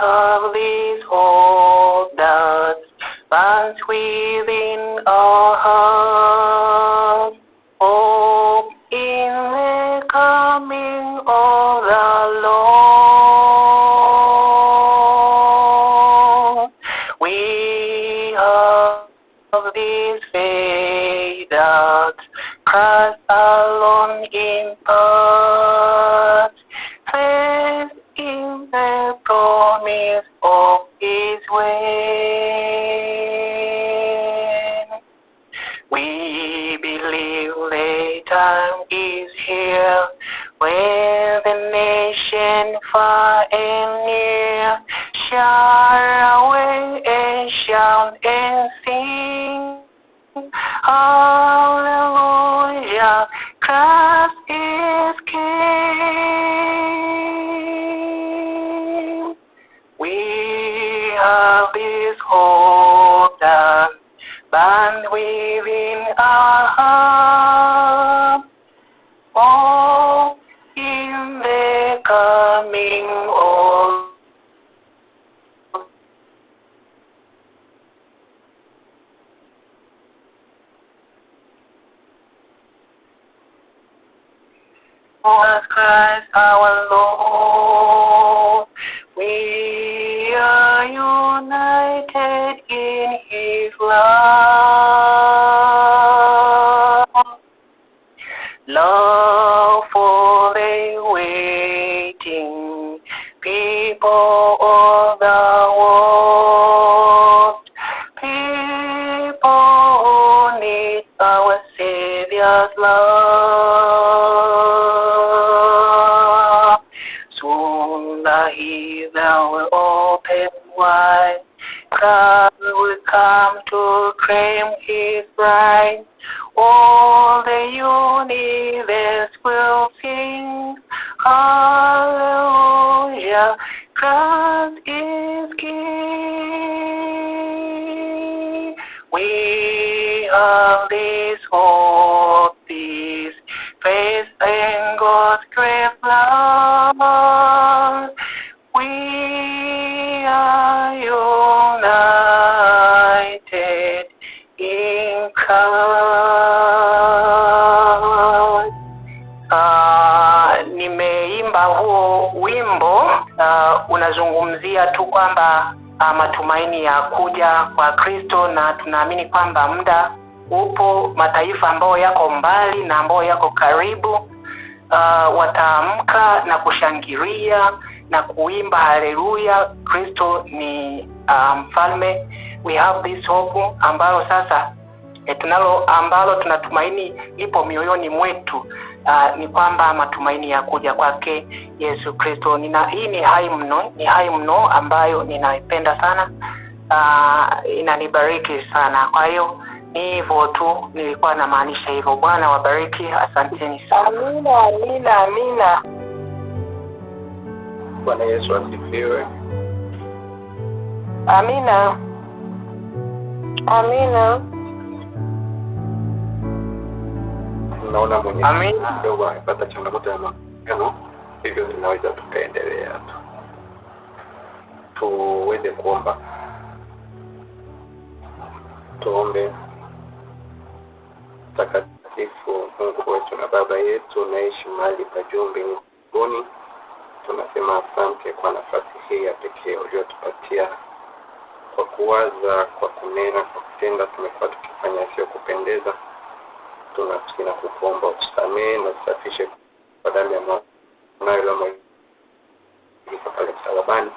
of these old nuts, but within all. and sing. Hallelujah. Christ people nimeimba huo wimbo uh, unazungumzia tu kwamba uh, matumaini ya kuja kwa Kristo, na tunaamini kwamba muda upo, mataifa ambayo yako mbali na ambayo yako karibu uh, wataamka na kushangilia na kuimba haleluya, Kristo ni mfalme. Um, we have this hope ambayo sasa e, tunalo ambalo tunatumaini lipo mioyoni mwetu uh, ni kwamba matumaini ya kuja kwake Yesu Kristo. Nina hii ni hai mno, ni hai mno ambayo ninaipenda sana uh, inanibariki sana. Kwa hiyo ni hivyo tu, nilikuwa namaanisha hivyo. Bwana wabariki, asanteni sana. Amina, amina, amina. Bwana Yesu asifiwe. Amina, amina. tunaona mwenye kidogo amepata changamoto ya mahusiano, hivyo tunaweza tukaendelea tu tuweze kuomba, tuombe. Mtakatifu Mungu wetu na Baba yetu, naishi mahali pa juu mbinguni, tunasema asante kwa nafasi hii ya pekee uliotupatia kwa kuwaza, kwa kunena, kwa kutenda. Tumekuwa tukifanya sio kupendeza tunasikia na kukuomba na usafishe kwa damu ya mwanawe iliyomwagika pale msalabani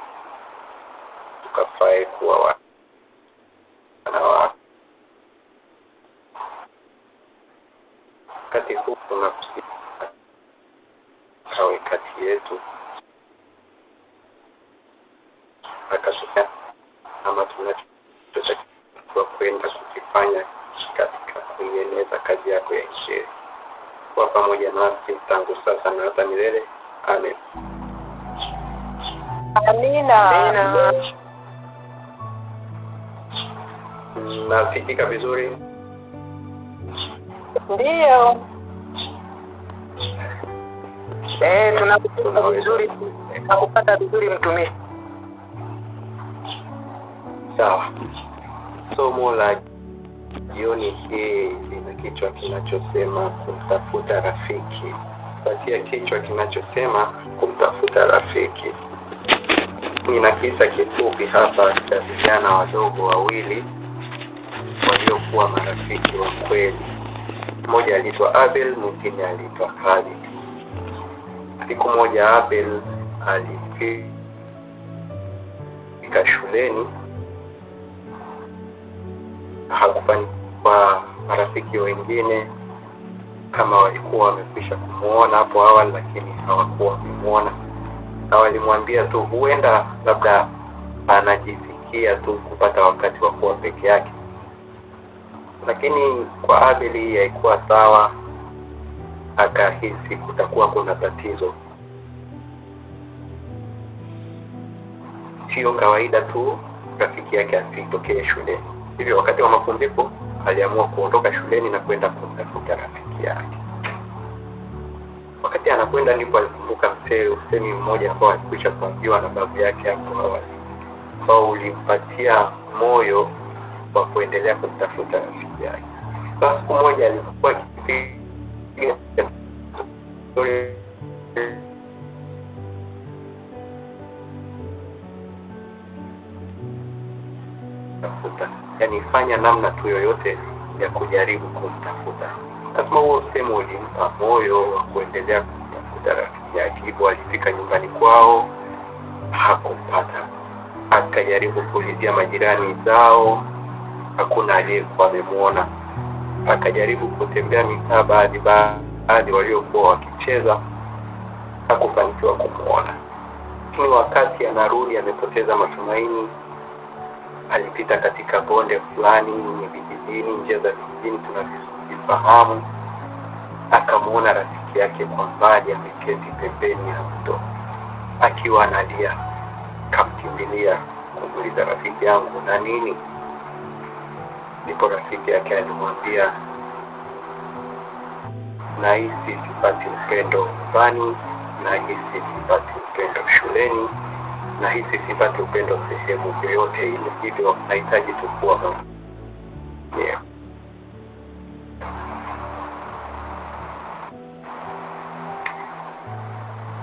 tukafae kuwa wa pamoja nasi tangu sasa na hata milele. Amen. Amina. Amina. Nasikika vizuri? Ndiyo. Eh, tunakusikika vizuri, tunakupata vizuri mtumishi. Sawa. Somo la jioni hii lina kichwa kinachosema kumtafuta rafiki. Kuanzia kichwa kinachosema kumtafuta rafiki, nina kisa kifupi hapa cha vijana wadogo wawili waliokuwa marafiki wa kweli. Mmoja aliitwa Abel, mwingine aliitwa Kali. Siku moja Abel alifika shuleni hakufanya kwa marafiki wengine kama walikuwa wamekwisha kumwona hapo awali, lakini hawakuwa wamemwona na walimwambia tu, huenda labda anajifikia tu kupata wakati wa kuwa peke yake. Lakini kwa Abeli hii haikuwa sawa, akahisi kutakuwa kuna tatizo. Siyo kawaida tu rafiki yake asitokee shuleni. Hivyo wakati wa mapumziko aliamua kuondoka shuleni na kwenda kumtafuta rafiki yake. Wakati anakwenda ndipo alikumbuka mzee usemi mmoja ambao alikwisha kuambiwa na babu yake hapo awali, ambao ulimpatia moyo wa kuendelea kumtafuta rafiki yake. Basi siku moja alikuwa akipiga tafuta yani namna tu yoyote ya kujaribu kumtafuta. Lazima huo sehemu ulimpa moyo wa kuendelea kumtafuta rafiki yake. Hivyo alifika nyumbani kwao, hakumpata. Akajaribu kuulizia majirani zao, hakuna aliyekuwa amemwona. Akajaribu kutembea mitaa, baadhi baadhi waliokuwa wakicheza, hakufanikiwa kumwona. Lakini wakati anarudi, amepoteza matumaini alipita katika bonde fulani yenye vijijini, njia za vijijini tunavifahamu. Akamwona rafiki yake kwa mbali ameketi pembeni ya mto akiwa analia. Kamkimbilia kumuuliza, rafiki yangu na nini? Ndipo rafiki yake alimwambia, nahisi sipati upendo nyumbani, nahisi sipati upendo shuleni nahisi sipate upendo sehemu yoyote ile, hivyo nahitaji tukua kama yeah.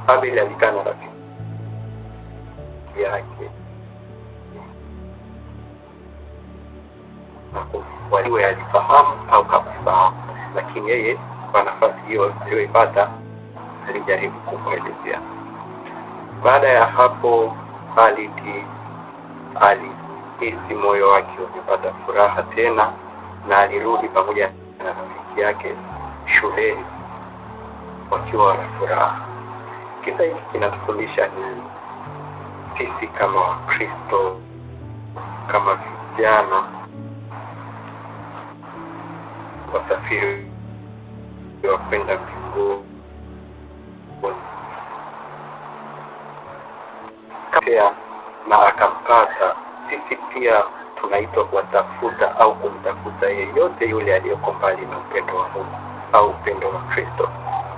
Abeli alikaa na rafiki yake waliwe alifahamu au kakufahamu, lakini yeye kwa nafasi hiyo aliyoipata alijaribu kumwelezea. Baada ya hapo aliti alihisi moyo wake ulipata furaha tena, na alirudi pamoja na rafiki yake shuleni wakiwa na furaha. Kisa hiki kinatufundisha nini sisi kama Wakristo, kama vijana wasafiri wa kwenda mbinguni? kutokea na kadhaa. Sisi pia tunaitwa kuwatafuta au kumtafuta yeyote yule aliyoko mbali na upendo wa Mungu au upendo wa Kristo.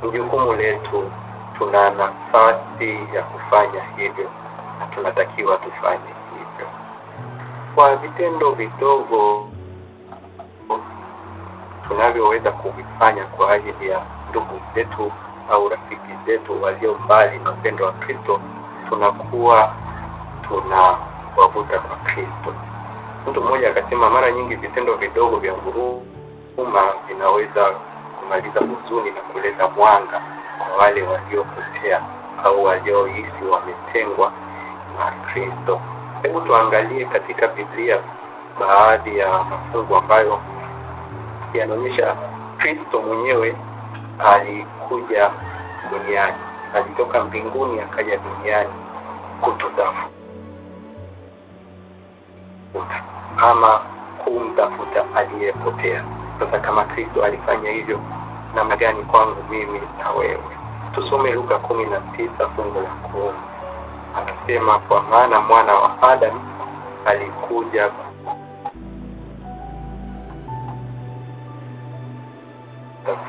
Ni jukumu letu, tuna nafasi ya kufanya hivyo na tunatakiwa tufanye hivyo kwa vitendo vidogo tunavyoweza kuvifanya kwa ajili ya ndugu zetu au rafiki zetu walio mbali na upendo wa Kristo tunakuwa tunawavuta kwa Kristo. Mtu mmoja akasema, mara nyingi vitendo vidogo vya huruma vinaweza kumaliza huzuni na kuleta mwanga kwa wale waliopotea au waliohisi wametengwa na Kristo. Hebu tuangalie katika Biblia baadhi ya mafungu ambayo yanaonyesha Kristo mwenyewe alikuja duniani, alitoka mbinguni akaja duniani kutu dafu ama kumtafuta aliyepotea. Sasa kama Kristo alifanya hivyo, namna gani kwangu mimi na wewe? Tusome Luka kumi na tisa fungu la kumi. Anasema, kwa maana mwana wa Adamu alikuja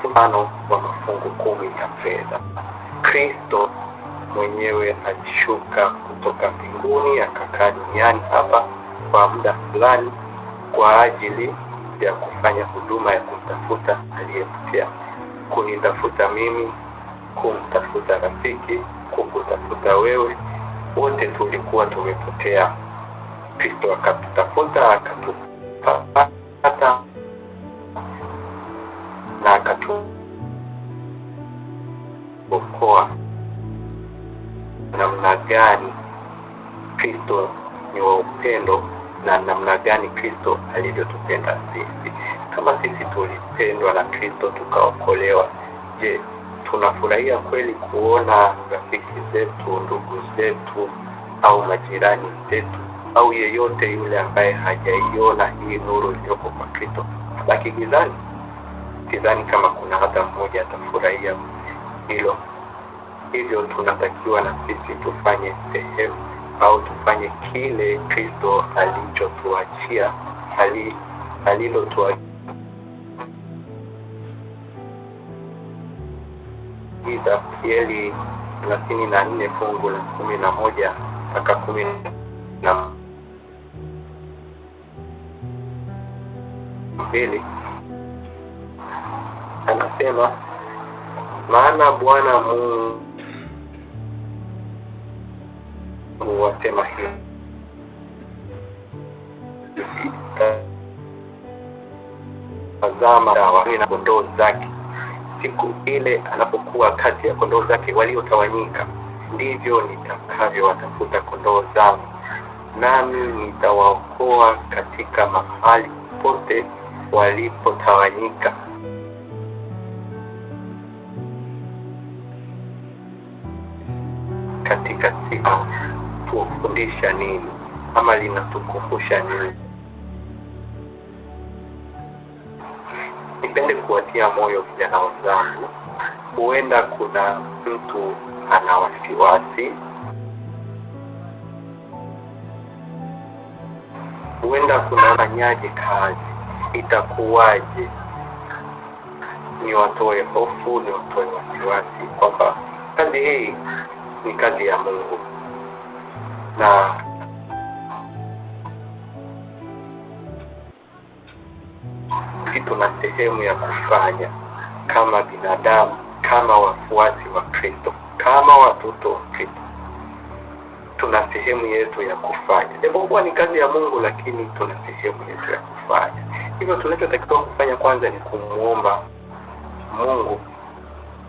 mfano wa mafungu kumi ya fedha. Kristo mwenyewe alishuka kutoka mbinguni akakaa duniani hapa kwa muda fulani kwa ajili ya kufanya huduma ya kumtafuta aliyepotea, kunitafuta mimi, kumtafuta rafiki, kukutafuta wewe, wote tulikuwa tumepotea. Kristo akatutafuta, akatupata na akatuokoa namna gani Kristo ni wa upendo na namna gani Kristo alivyotupenda sisi. Kama sisi tulipendwa na Kristo tukaokolewa, je, tunafurahia kweli kuona rafiki zetu, ndugu zetu, au majirani zetu au yeyote yule ambaye hajaiona hii nuru iliyoko kwa Kristo baki gizani? Sidhani kama kuna hata mmoja atafurahia hilo hivyo tunatakiwa na sisi tufanye sehemu au tufanye kile kristo alichotuachia alilotuachia ezekieli thelathini na nne fungu la kumi na moja mpaka kumi na mbili anasema maana bwana mungu kuwasema hivi tazama wawili na kondoo zake siku ile anapokuwa kati ya kondoo zake waliotawanyika ndivyo nitakavyowatafuta kondoo zangu nami nitawaokoa katika mahali pote walipotawanyika katika siku linatufundisha nini ama linatukumbusha nini nipende kuwatia moyo vijana wenzangu huenda kuna mtu ana wasiwasi huenda kunafanyaje kazi itakuwaje ni watoe hofu ni watoe wasiwasi kwamba kazi hii ni kazi ya mungu na na sehemu ya kufanya kama binadamu, kama wafuasi wa Kristo, kama watoto wa Kristo, tuna sehemu yetu ya kufanya, japokuwa ni kazi ya Mungu, lakini tuna sehemu yetu ya kufanya. Hivyo tunachotakiwa kufanya kwanza ni kumwomba Mungu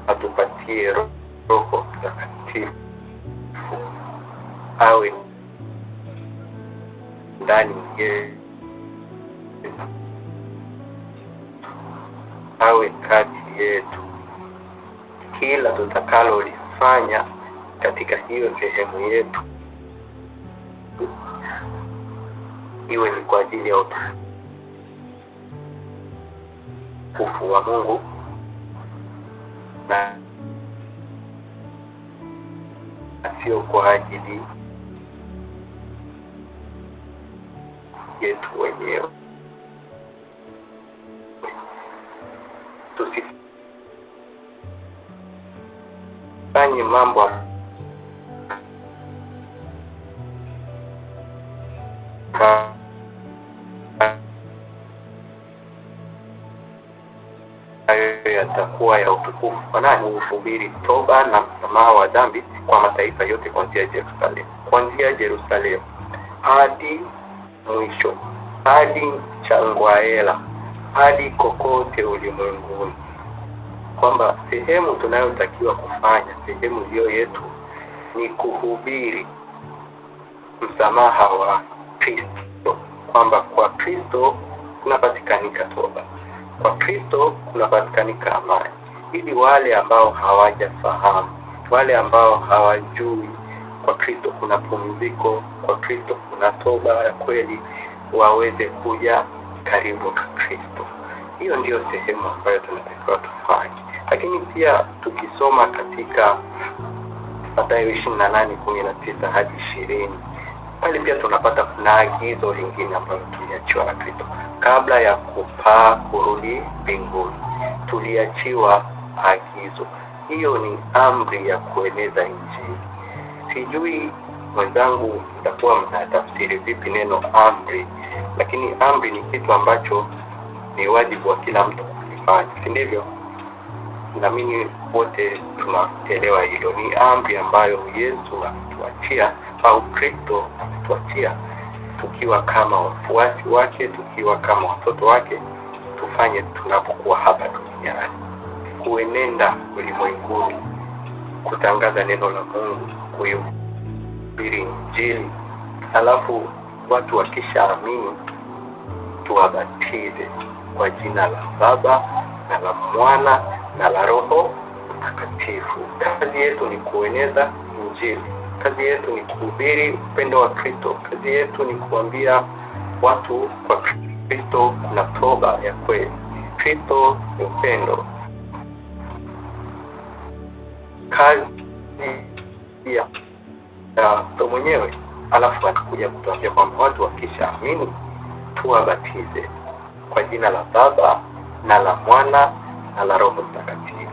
atupatie Roho Mtakatifu awe ndani ye awe kati yetu. Kila tutakalolifanya katika hiyo sehemu yetu iwe ni kwa ajili ya utukufu wa Mungu na sio kwa ajili yetu wenyewe. Tusifanye mambo yatakuwa ya utukufu kwa nani? Kuhubiri toba na msamaha wa dhambi kwa mataifa yote, kuanzia Yerusalemu, kuanzia Yerusalemu hadi mwisho hadi Changwaela hadi kokote ulimwenguni, kwamba sehemu tunayotakiwa kufanya, sehemu hiyo yetu ni kuhubiri msamaha wa Kristo, kwamba kwa Kristo kunapatikanika toba, kwa Kristo kunapatikanika amani, ili wale ambao hawajafahamu, wale ambao hawajui kwa kristo kuna pumziko kwa kristo kuna toba ya kweli waweze kuja karibu na kristo hiyo ndiyo sehemu ambayo tunatakiwa tufanye lakini pia tukisoma katika matayo ishiri na nane kumi na tisa hadi ishirini pale pia tunapata kuna agizo lingine ambalo tuliachiwa na kristo kabla ya kupaa kurudi mbinguni tuliachiwa agizo hiyo ni amri ya kueneza injili sijui mwenzangu mtakuwa mnatafsiri vipi neno amri lakini amri ni kitu ambacho ni wajibu wa kila mtu kukifanya si ndivyo naamini wote tunaelewa hilo ni amri ambayo yesu ametuachia au kristo ametuachia tukiwa kama wafuasi wake tukiwa kama watoto wake tufanye tunapokuwa hapa duniani kuenenda ulimwenguni kutangaza neno la mungu kuihubiri Injili, alafu watu wakishaamini tuwabatize kwa jina la Baba na la Mwana na la Roho Mtakatifu. Kazi yetu ni kueneza Injili, kazi yetu ni kuhubiri upendo wa Kristo, kazi yetu ni kuambia watu kwa Kristo kuna toba ya kweli. Kristo ni upendo. Kazi na mtu mwenyewe alafu atakuja kutuambia kwamba watu amini tuwabatize kwa jina la Baba na la Mwana na la Roho Mtakatifu.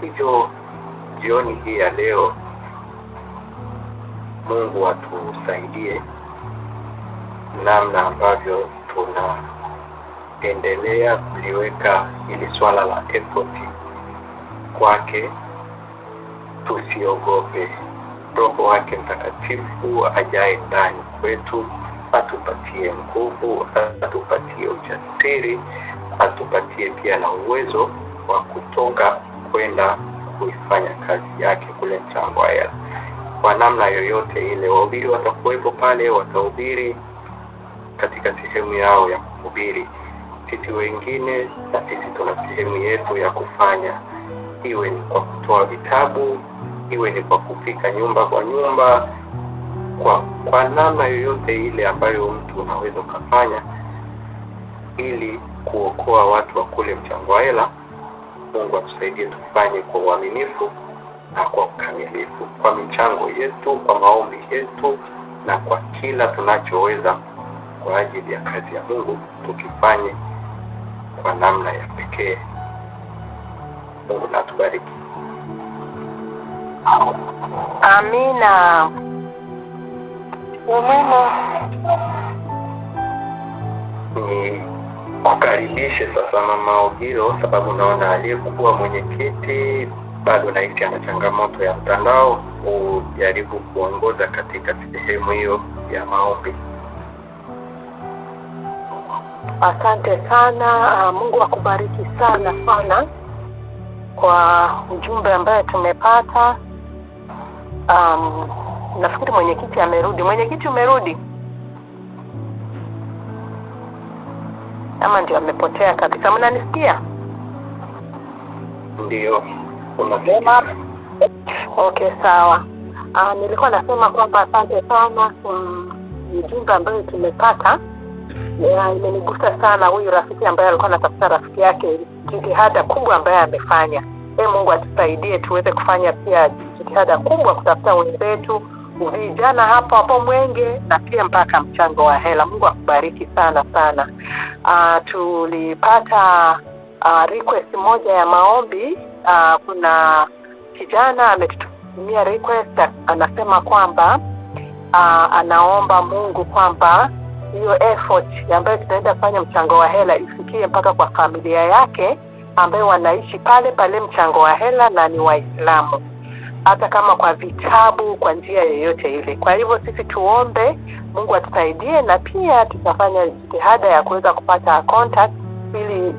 Hivyo jioni hii ya leo, Mungu atusaidie namna ambavyo tunaendelea kuliweka ili swala la kwake, tusiogope. Roho wake Mtakatifu ajaye ndani kwetu atupatie nguvu, atupatie ujasiri, atupatie pia na uwezo wa kutoka kwenda kuifanya kazi yake kule mtangwaya kwa namna yoyote ile. Wahubiri watakuwepo pale, watahubiri katika sehemu yao ya kuhubiri. Sisi wengine na sisi tuna sehemu yetu ya kufanya, iwe ni kwa kutoa vitabu iwe ni kwa kufika nyumba kwa nyumba kwa kwa namna yoyote ile ambayo mtu unaweza ukafanya ili kuokoa watu wa kule mchango wa hela mungu atusaidie tufanye kwa uaminifu na kwa ukamilifu kwa michango yetu kwa maombi yetu na kwa kila tunachoweza kwa ajili ya kazi ya mungu tukifanye kwa namna ya pekee mungu natubariki Amina. Umuhimu ni kukaribishe sasa Mama Ogiro, sababu naona aliyekuwa mwenyekiti bado nahisi ana changamoto ya mtandao, hujaribu kuongoza katika sehemu hiyo ya maombi. Asante sana. Ah, Mungu akubariki sana sana kwa ujumbe ambaye tumepata. Um, nafikiri mwenyekiti amerudi. Mwenyekiti umerudi ama ndio amepotea kabisa? Mnanisikia? Ndio, unasema okay, sawa. Uh, nilikuwa nasema kwamba asante sana kwa ujumbe ambayo tumepata imenigusa sana. Huyu rafiki ambaye alikuwa anatafuta rafiki yake, jitihada kubwa ambayo amefanya E Mungu atusaidie tuweze kufanya pia jitihada kubwa kutafuta wenzetu vijana hapo hapo Mwenge na pia mpaka mchango wa hela. Mungu akubariki sana sana. uh, tulipata uh, request moja ya maombi. uh, kuna kijana ametutumia request, anasema kwamba uh, anaomba Mungu kwamba hiyo effort ambayo tunaenda kufanya mchango wa hela ifikie mpaka kwa familia yake ambaye wanaishi pale pale mchango wa hela na ni Waislamu, hata kama kwa vitabu, kwa njia yoyote ile. Kwa hivyo sisi tuombe Mungu atusaidie, na pia tutafanya jitihada ya kuweza kupata contact ili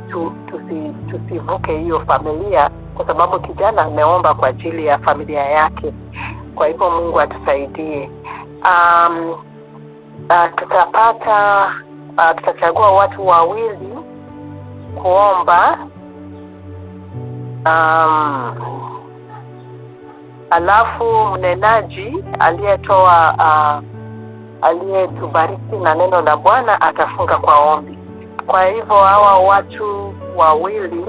tusivuke tusi hiyo familia, kwa sababu kijana ameomba kwa ajili ya familia yake. Kwa hivyo Mungu atusaidie. Um, uh, tutapata uh, tutachagua watu wawili kuomba Um, alafu mnenaji aliyetoa uh, aliyetubariki na neno la Bwana atafunga kwa ombi. Kwa hivyo hawa watu wawili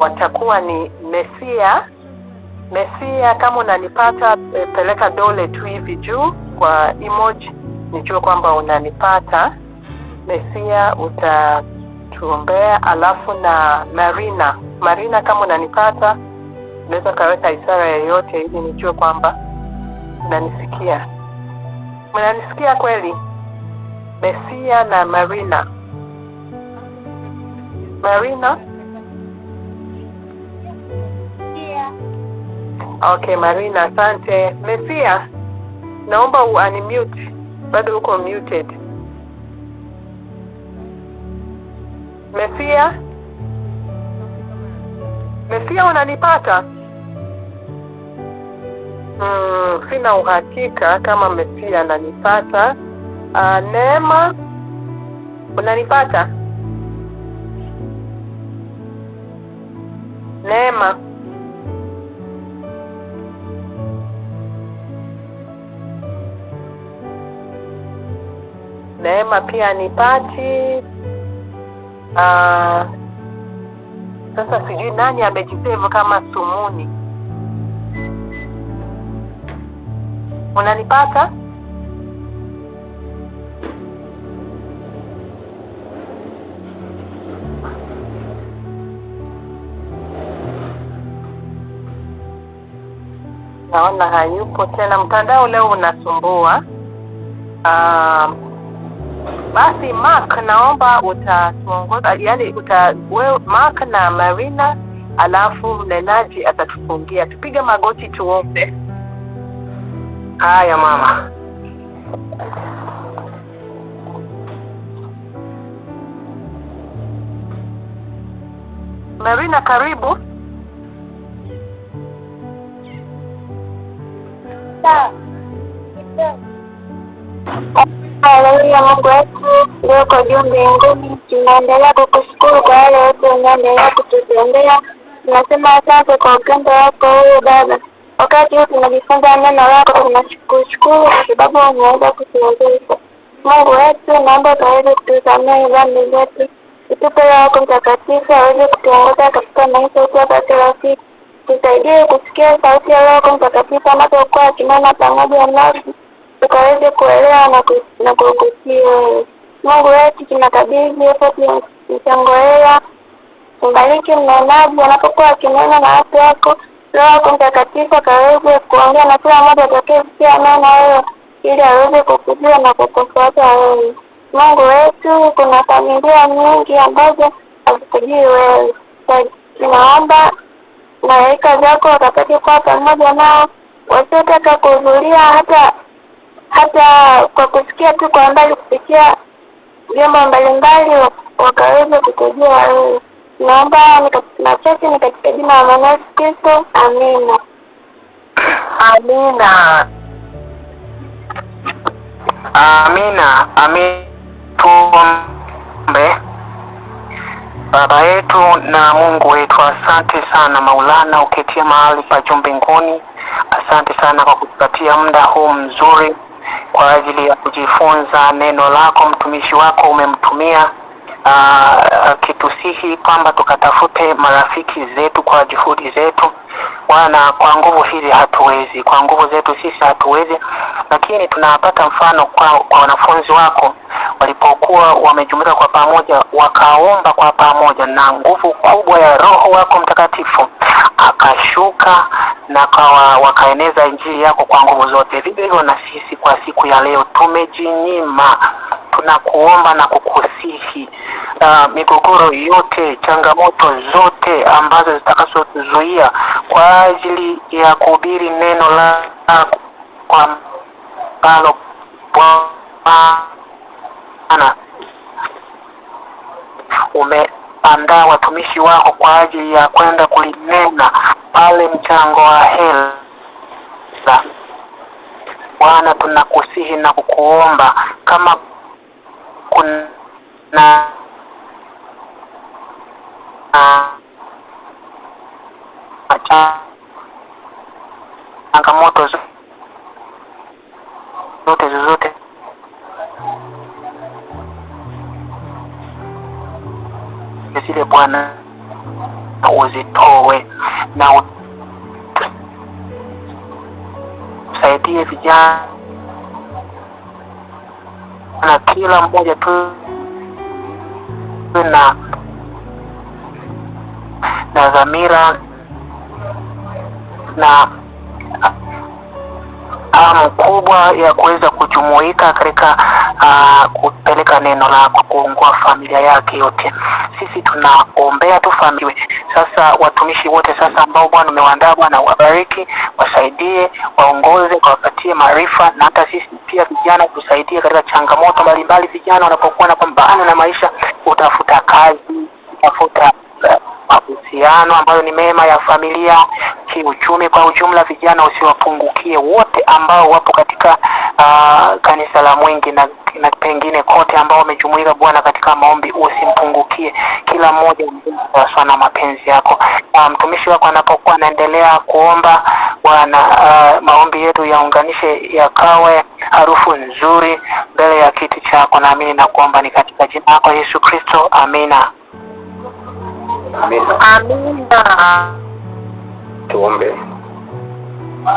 watakuwa ni Mesia. Mesia, kama unanipata e, peleka dole tu hivi juu kwa emoji nijue kwamba unanipata. Mesia uta kutuombea, alafu na Marina. Marina, kama unanipata, unaweza ukaweka ishara yoyote ili nijue kwamba unanisikia. Mnanisikia kweli? Mesia na Marina. Marina? Yeah. Okay, Marina, asante. Mesia, naomba u-unmute. Bado uko muted. Mesia, Mesia, unanipata? Mm, sina uhakika kama Mesia ananipata. Uh, Neema, unanipata? Neema, Neema pia nipati Ah, sasa sijui nani amejisave kama Sumuni. Unanipata? Naona hayupo tena. Mtandao leo unasumbua. Uh, basi Mark, naomba utatuongoza, yani uta, we, Mark na Marina, alafu mnenaji atatufungia. Tupige magoti tuombe. Haya mama. Marina, karibu. Haleluya, Mungu Leo kwa juu mbinguni, tunaendelea kukushukuru kwa wale yote unaendelea kututendea. Tunasema asante kwa upendo wako huo Baba. Wakati huu tunajifunza neno lako, tunakushukuru kwa sababu unaweza kutuwezesha. Mungu wetu, naomba ukaweze kutusamehe dhambi zetu, utupe Roho yako Mtakatifu aweze kutuongoza katika maisha yetu hapa kila siku. Tusaidie kusikia sauti ya Roho yako Mtakatifu anapokuwa akinena pamoja nasi, tukaweze kuelewa na kukutii wewe. Mungu wetu tunakabidhi hapo mchango Msongolela, mbariki mnenaji anapokuwa akinena na watu wako. Roho yako Mtakatifu akaweze kuongea na kila mmoja atakayesikia neno hilo, ili aweze kukujua na kukufuata wewe. Mungu wetu, kuna familia nyingi ambazo hazikujui wewe, tunaomba malaika zako wakapate kuwa pamoja nao, wasiotaka kuhudhuria hata hata kwa kusikia tu kwa mbali kupitia vyombo mbalimbali wakaweza kutegea wewe. Naomba machache ni katika jina la Mwana Yesu Kristo, amina. Amina, amina, amina. Tuombe. Baba yetu na Mungu wetu, asante sana Maulana, uketia mahali pa juu mbinguni. Asante sana kwa kutupatia muda huu mzuri kwa ajili ya kujifunza neno lako. Mtumishi wako umemtumia Uh, ah, ah, kitusihi kwamba tukatafute marafiki zetu kwa juhudi zetu. Bwana, kwa nguvu hizi hatuwezi, kwa nguvu zetu sisi hatuwezi, lakini tunapata mfano kwa, kwa wanafunzi wako walipokuwa wamejumuika kwa pamoja, wakaomba kwa pamoja, na nguvu kubwa ya Roho wako Mtakatifu akashuka na kawa, wakaeneza injili yako kwa nguvu zote. Vivyo hivyo na sisi kwa siku ya leo tumejinyima, tunakuomba na kukusihi uh, migogoro yote, changamoto zote ambazo zitakazotuzuia kwa ajili ya kuhubiri neno kwa mbalo Bwana Bwana, umeandaa watumishi wako kwa ajili ya kwenda kulinena pale mchango wa hela. Bwana, tunakusihi na kukuomba kama kuna changamoto Bwana uzitoe na usaidie vijana na kila mmoja tu na na dhamira na hamu kubwa ya kuweza kujumuika katika uh, kupeleka neno lako kuongoa familia yake yote. Sisi tunaombea tu familia. Sasa watumishi wote sasa ambao Bwana umewaandaa, Bwana wabariki, wasaidie, waongoze, wapatie maarifa, na hata sisi pia vijana tusaidie katika changamoto mbalimbali, vijana wanapokuwa na pambana na maisha, utafuta kazi kutafuta eh, mahusiano ambayo ni mema ya familia, kiuchumi kwa ujumla. Vijana usiwapungukie wote ambao wapo katika uh, kanisa la Mwingi na, na pengine kote ambao wamejumuika Bwana katika maombi, usimpungukie kila mmoja aswa na mapenzi yako. Ah, mtumishi wako anapokuwa anaendelea kuomba Bwana, uh, maombi yetu yaunganishe yakawe harufu nzuri mbele ya kiti chako. Naamini na kuomba ni katika jina lako Yesu Kristo, amina. Amina. Amina. Tuombe.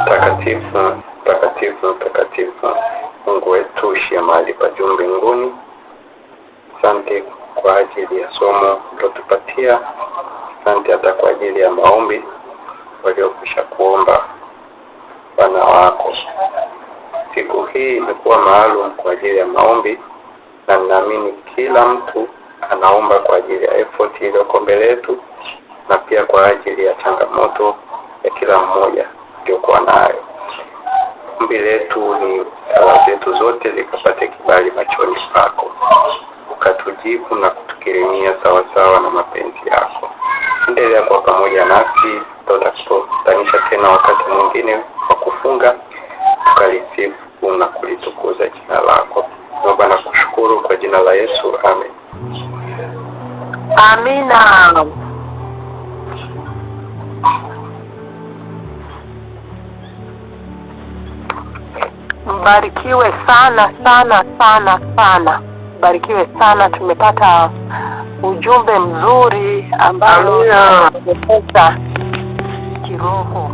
takatifu takatifu takatifu Mungu wetu shia mahali pa juu mbinguni, asante kwa ajili ya somo uliotupatia, asante hata kwa ajili ya maombi waliokwisha kuomba wana wako. Siku hii imekuwa maalum kwa ajili ya maombi, na ninaamini kila mtu anaomba kwa ajili ya effort iliyoko mbele yetu na pia kwa ajili ya changamoto ya kila mmoja aliyokuwa nayo. Ombi letu ni dawa zetu zote zikapate kibali machoni pako, ukatujibu na kutukirimia sawasawa na mapenzi yako. Endelea kwa pamoja nasi tutakutanisha tena wakati mwingine wa kufunga, tukalisifu na kulitukuza jina lako. Naomba na kushukuru kwa jina la Yesu, amen. Amina. Mbarikiwe sana sana sana sana, mbarikiwe sana. Tumepata ujumbe mzuri ambao umepata kiroho